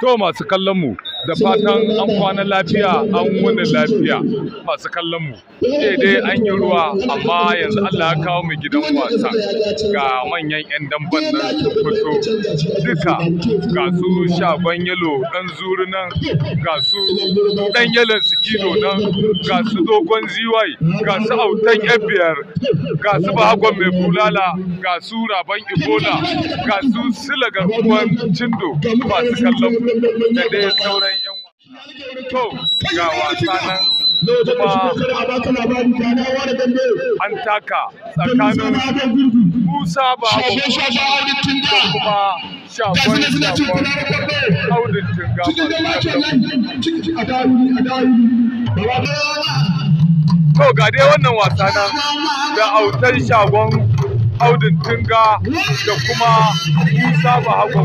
To masu kallon mu da fatan an kwana lafiya an wuni lafiya masu kallon mu sai dai an yi ruwa amma yanzu Allah ya kawo mu gidan wasa ga manyan yan damban nan fito duka ga su shagon yalo dan zuri nan ga su dan yalon sikino nan ga su dogon ziwai ga su autan yan ga su bahagon mai bulala ga su raban ibola ga su sila garuwan cindo masu kallon mu da dai sauran to ga wasa nan kuma an taka tsakanin musa babu da kuma shafon shafon audin tunga to ga dai wannan wasa nan da autan shagon audin tunga da kuma musa babu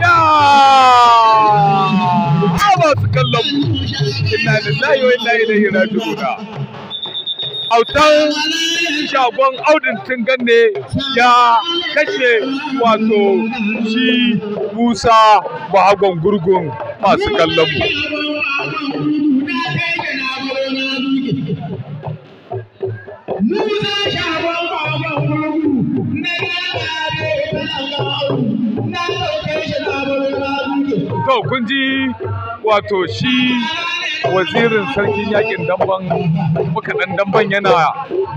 ya ha masu kallon mu inna lillahi wa inna ilaihi raji'una autan shagon audin tungan ne ya kashe wato shi musa bahagon gurgun masu kallon mu Musa shagon bahagon gurgun na gaba da na to kun ji wato shi wazirin sarkin yakin damban muka dan damban yana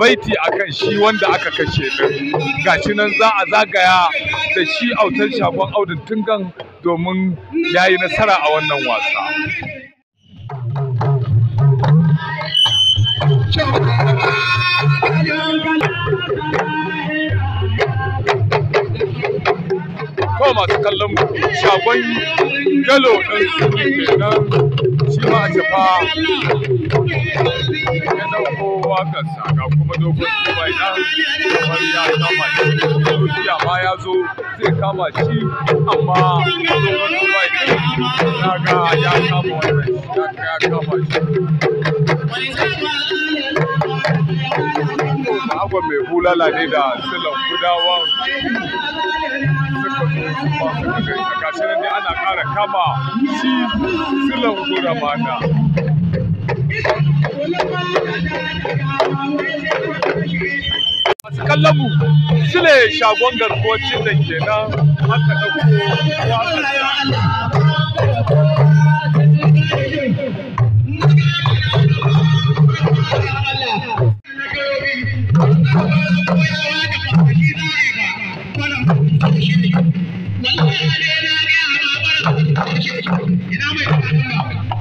baiti akan shi wanda aka kashe din gashi nan za a zagaya da shi autar shagon audin tungan domin yayi nasara a wannan wasa Thank you. ko masu kallon shagon yalo ɗin su nan shi ma a shafa ya ɗauko waƙarsa saka kuma dogon kuma ya kamar ya kama shi zuciya ma ya zo zai kama shi amma dogon kuma ya ga ya kama wannan ya kama shi Agwa mai hulala ne da silan gudawa ga ana ƙara kama shi gura mana masu kallon mu sile shagon garkuwacin da ke nan haka ɗauko Ina mai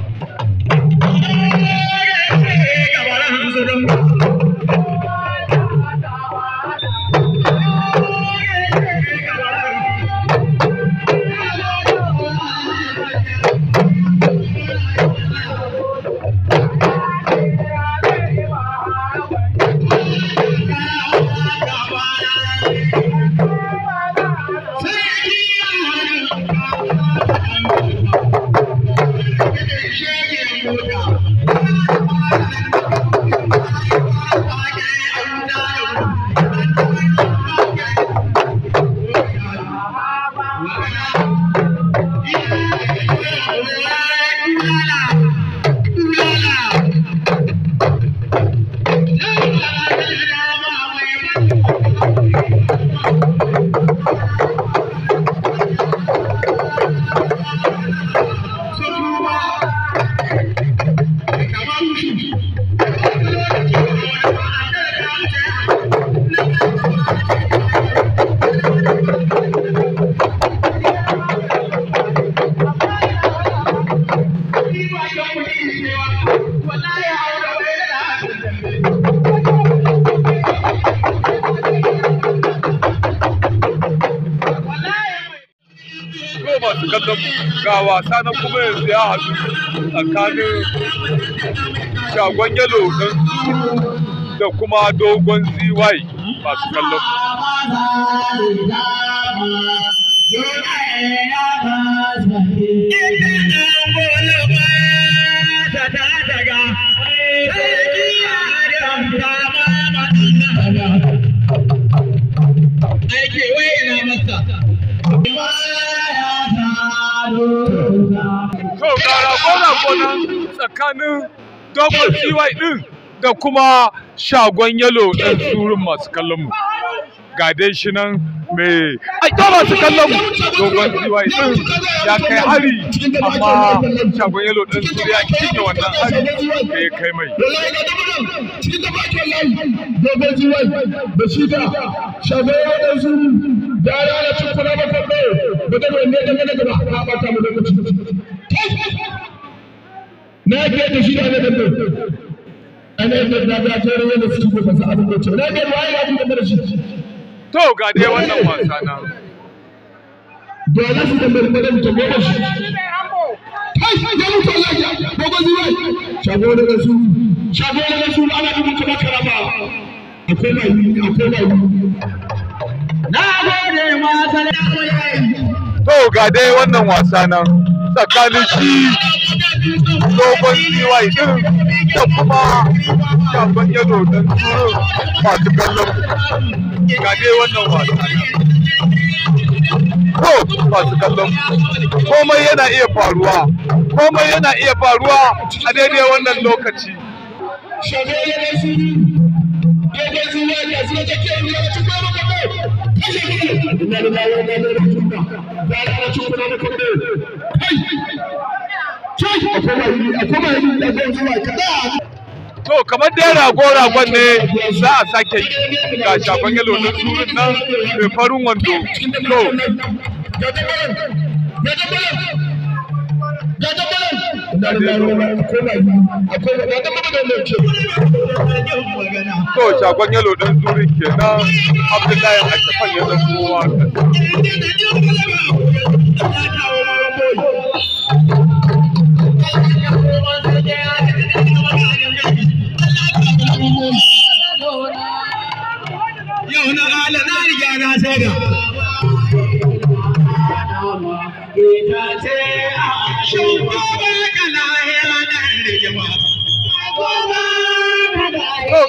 Thank you. to masu kallon ga wasa na kuma yanzu ya haɗu tsakanin shagon yalo don da kuma dogon zy masu kallon Yeah. kara gona kona tsakanin dogon CY din da kuma shagon yalo ɗan surun masu kallon mu ga dai shi nan mai aiki masu kallon dogon CY din ya kai hari amma shagon yalo ɗan suru ya da wannan hari da ya kai mai dogon da shi da shagon yalo ɗan da da da na ke da shi da nan nan ana yin da za ta rawa da su ba sa abin da ce na ke ba ya ji da shi to ga dai wannan wasa na dole su da marmarin ta goma shi kai da mutu Allah ya gogo zuwa shago da su shago da su ana yi mutu makarama akwai mai akwai mai na gode ma salama to ga dai wannan wasa na. tsakanin shi dogon CY din da kuma shafan yado don turin masu kallon ga dai wannan wasa ko masu kallon komai yana iya faruwa komai yana iya faruwa a daidai wannan lokaci Shabe ya kai suru, ya kai suru ya kai to kamar dai rago ragon ne za a sake yi ga shafan yalo na nan mai farin wando to to shagon yalo dan zuri ke abdullahi a shafan ya kowa Yau na ala na riga na sai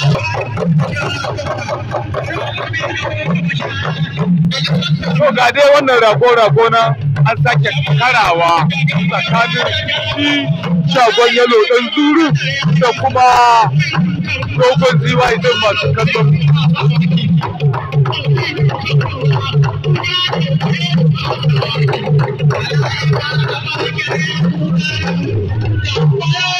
To ga dai wannan rago-rago na an sake karawa tsakanin shi shagon yalo ɗan zuru da kuma dogon ziwa idan masu kallon. Thank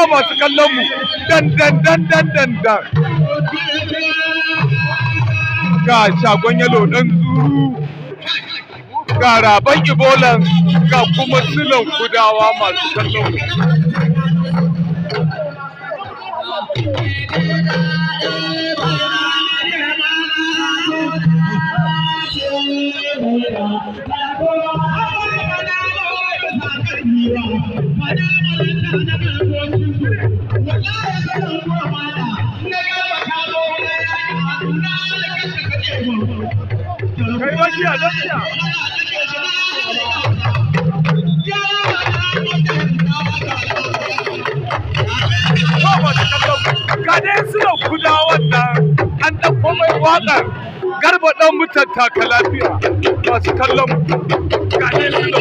ba masu kallon mu dan dan dan dan dan dan ga shagon yalo dan zuru ga raban ibolan ga kuma silan gudawa masu kallon mu Thank you. suna kuda wannan an ɗauko mai waƙar garba ɗan mutanta taka lafiya masu kallon ga suna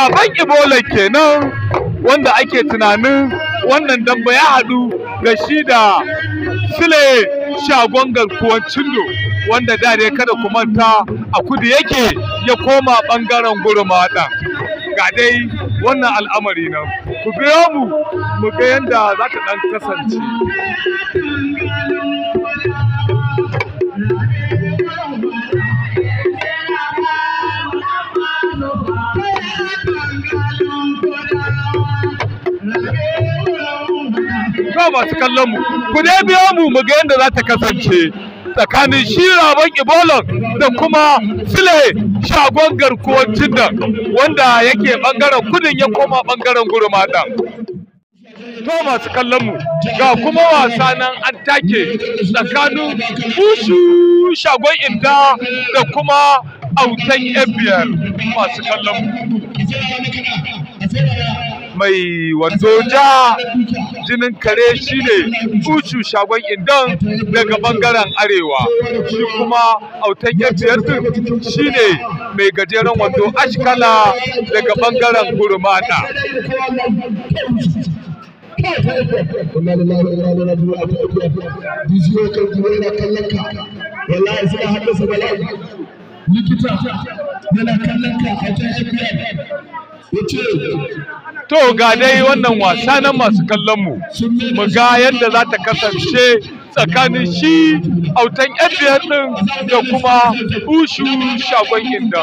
baban ibola kenan wanda ake tunanin wannan damba ya haɗu da shi da sile shagon garkuwan cindo wanda da dai kada ku manta a kudu yake ya koma ɓangaren gurma ɗan ga dai wannan al'amari nan ku biyo mu mu ga yadda za ta ɗan kasance ba masu kallon mu ku dai biyo mu mu ga yadda za ta kasance tsakanin shi rabon ibolon da kuma sile shagon garkuwar da wanda yake bangaren kudin ya koma bangaren gurma to masu kallon mu ga kuma wasa nan an take tsakanin bushu shagon inda da kuma autan yan biyar masu kallon mu mai wato ja jinin kare shine kucu shagon indan daga bangaren arewa shi kuma autan shi shine mai gajeren wato ashkala daga bangaren gurmana Kuma yana kallon ka, wallahi Likita yana kallon ka a To ga dai wannan wasa na masu kallon mu mu ga yadda za ta kasance tsakanin shi autan yan ɗin da kuma ushu shagon inda.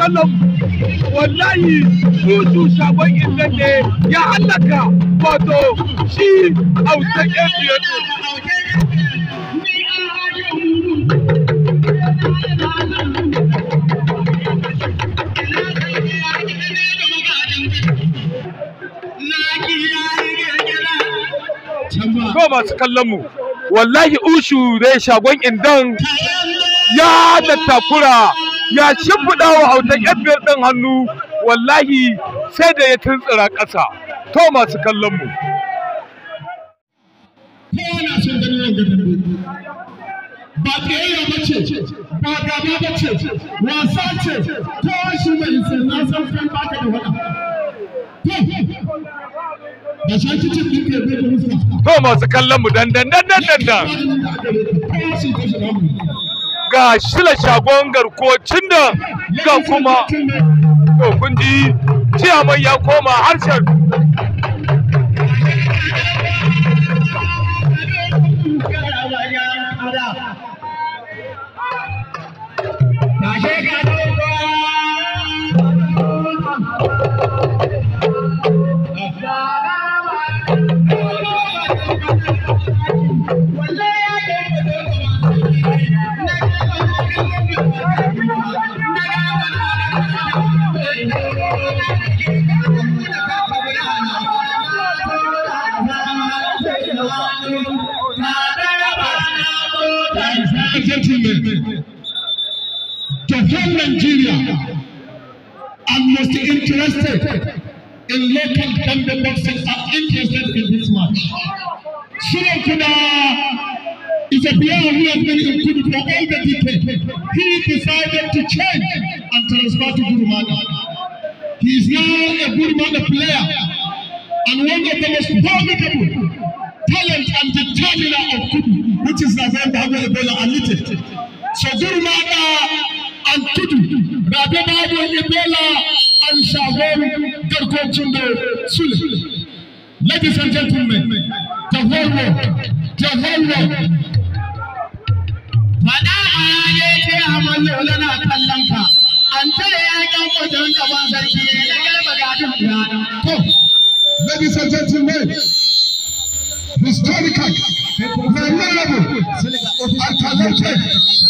kallon wallahi tutu shagon innan ne ya hallaka wato shi auta ƙefiyar Ko masu kallon mu wallahi ushu dai shagon indan ya da takura ya shimfiɗa wa autan biyar ɗin hannu wallahi sai da ya tuntsira ƙasa to masu kallon mu kowa son ganin wanga dambe ba tsayayya ba ce ba gaba ba ce wasa ce kowa shi mai isa na san kan baka da wada da shaki cin din ke bai da musa to masu kallon mu dandan dandan dandan kowa shi ta shiga ga shila shagon garko cinda ga kuma to kun ji ciyaman ya koma harshen build the whole Nigeria and most interested in local Gambian boxers are interested in this match. Shiro Kuda is a player who has been included for all the decade. He decided to change and transfer to Gurumana. He is now a Gurumana player and one of the most formidable talent and the terminal of Kudu, which is Nazar Dabo Ebola Alite. Sajir Mata an tudu Rabe Babu Ebola an shagon garkocin da Ladies and gentlemen, the whole world, the whole world. Fada a ya ce amal lola na kallon ka, an ta ya ga kudin gaban sarki ne na garba da duk rana. To, ladies and gentlemen, historical, memorable, and talented,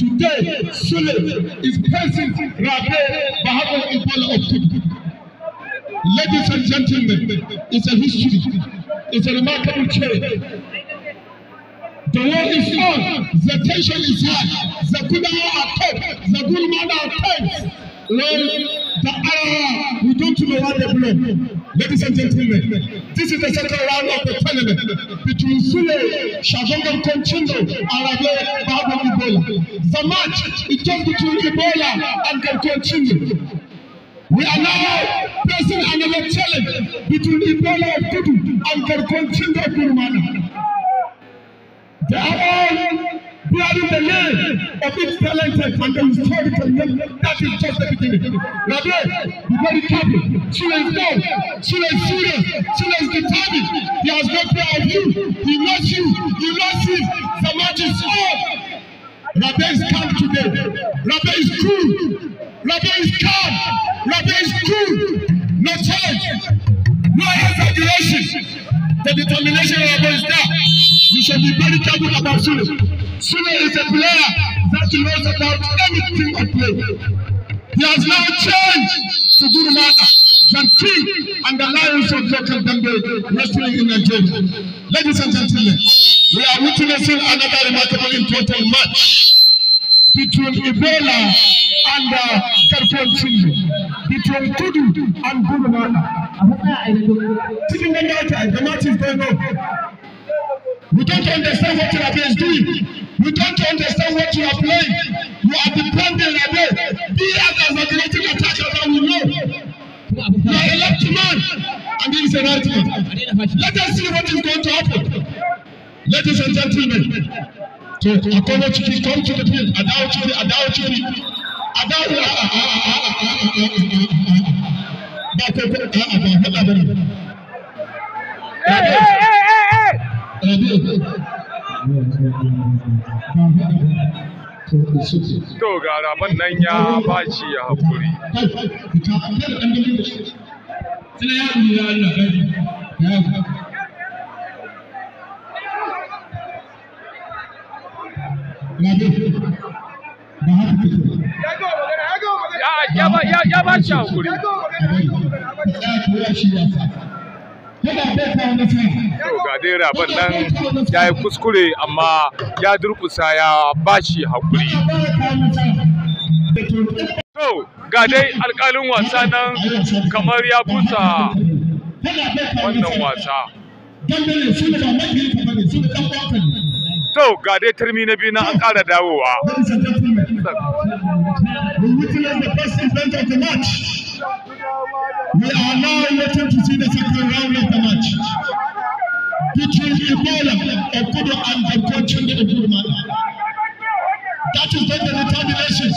Today, Sule is facing Rabe Bahabo Ibola of Kudu. Ladies and gentlemen, it's a history. It's a remarkable change. The war is on. The tension is high. The good are top. The Gulmana are tense. Lord, the hour we do to the round of blood. Ladies and gentlemen, this is the second round of the tournament between Sule, Shagongan Conchindo, and Rable Babu Ibola. The match is just between Ibola and Conchindo. We are now facing another challenge between Ibola of Kudu and Conchindo of Kurumana. They are We are the name of each talented and the historical name. That is just the beginning. Rabbi, be very careful. She is born. She is serious. She is determined. He has no fear of you. He loves you. He loves him. The match is on. Rabbi is calm today. Rabbi is cool. Rabbi is calm. Rabbi is cool. No change. Where is the duration? determination of is there. You should be very careful about Sule. Sule is a player that knows about anything at play. He has now changed to do the matter than king and the lions of local Dambe wrestling in Nigeria. Ladies and gentlemen, we are witnessing another remarkable important match. between Ebola and uh, Karfon between Kudu and Gurumana. Sitting on that time, the match is going on. We don't understand what your is doing. We don't understand what you are playing. You are dependent on them. Be as a genetic attack as we know. You are a left man, and this is a right man. Let us see what is going to happen. Ladies and gentlemen, to ki kuma ciki come to the a dawo cori a dawo cori a dawo a a a a a a ba ko ko a a ba hada bane To ga raban nan ya baci ya hakuri. Kai, kai, kai, kai, kai, kai, ya ba shi ga dai nan ya yi kuskure amma ya durkusa ya bashi hakuri. to ga dai alkalin wasa nan kamar ya busa wannan wasa to ga dai turmi na biyu na an ƙara dawowa We are now waiting to see the second round of the match between Ebola, Okudo, and Dr. Chunde That is not the determination.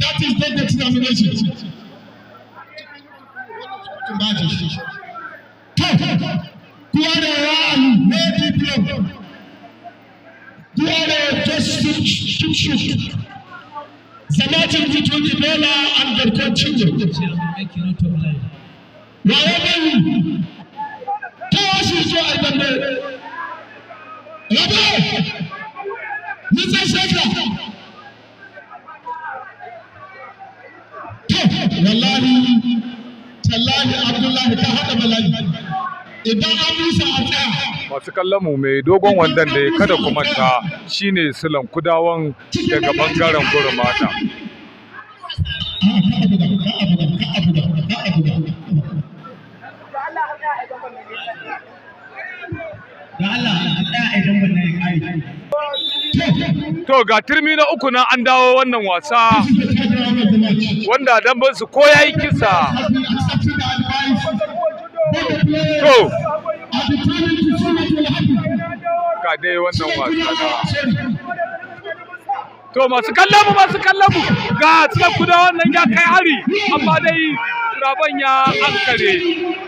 That is the determination. Kuwa da ne whoever just should, should, should. The Bola and the continue. ya powers ta so I don't know. Rabbi, Mr. Wallahi, Tallahi Abdullahi, ta haɗa bala'i. masu kallon mu mai dogon wandon da ya kada kuma ta shine sulan kudawan daga bangaren gurin mata To ga turmi na uku na an dawo wannan wasa wanda dambansu ko ya yi kisa to ga dai wannan wasa to masu kallon mu masu kallon mu ga cikin kuda wannan ya kai hari amma dai raban ya ankare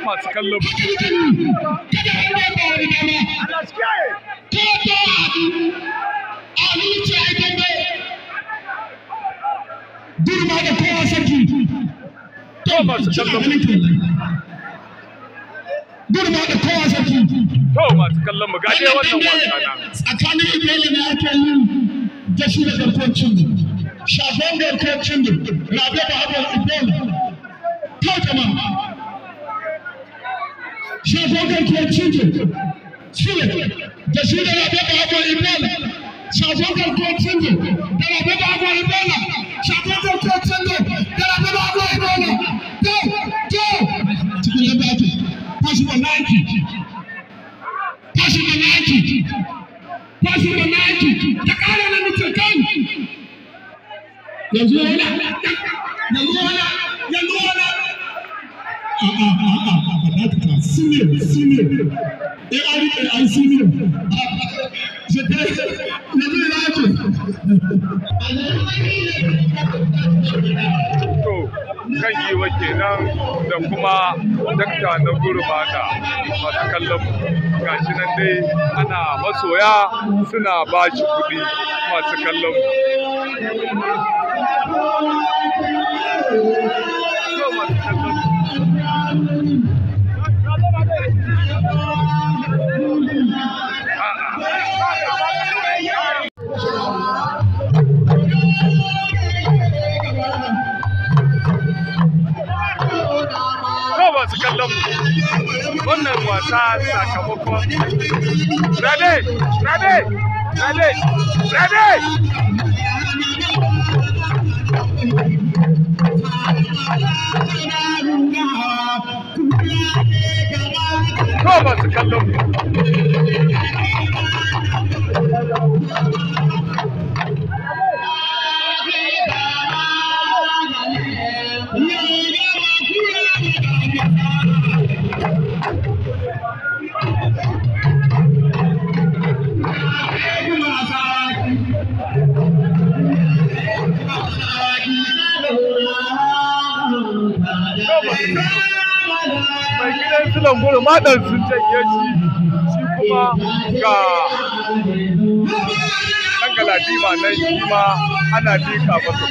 masu kallon mu Durma da kowa sarki. To masu kallon mu. girma da kowa saki to masu kallon mu gaje wannan wasa na tsakanin ibrahim ne ake yi da shi da garkocin ne shafon garkocin ne rabe da habar ibrahim to jama'a shafon garkocin ne shi da shi da rabe da habar ibrahim shafon garkocin ne da rabe da habar ibrahim shafon garkocin ne da rabe da habar ibrahim to to tashi da naki tashi na mutum kan yanzu wala a'a a'a a'a ba ta senior senior ai ai senior To kan yiwa kenan da kuma dakta na gurbata masu kallon gashi nan dai ana masoya suna ba shi kuɗi masu kallon kallon wannan wasa sakamakon rabe rabe rabe rabe kallon silan goro madan sun janye shi shi kuma ga ɗan galadima nan shi ma ana dika masa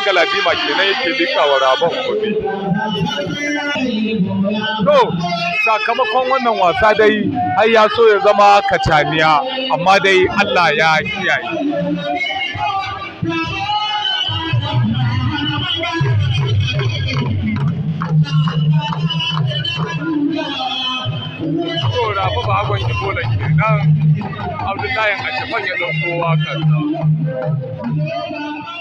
dan galadima kenan yake likawa rabon gobe to sakamakon wannan wasa dai har ya so ya zama kacaniya amma dai Allah ya kiyaye rafi ba agon ki bola ke nan abdullahi a cikin ya ɗauko wakarsa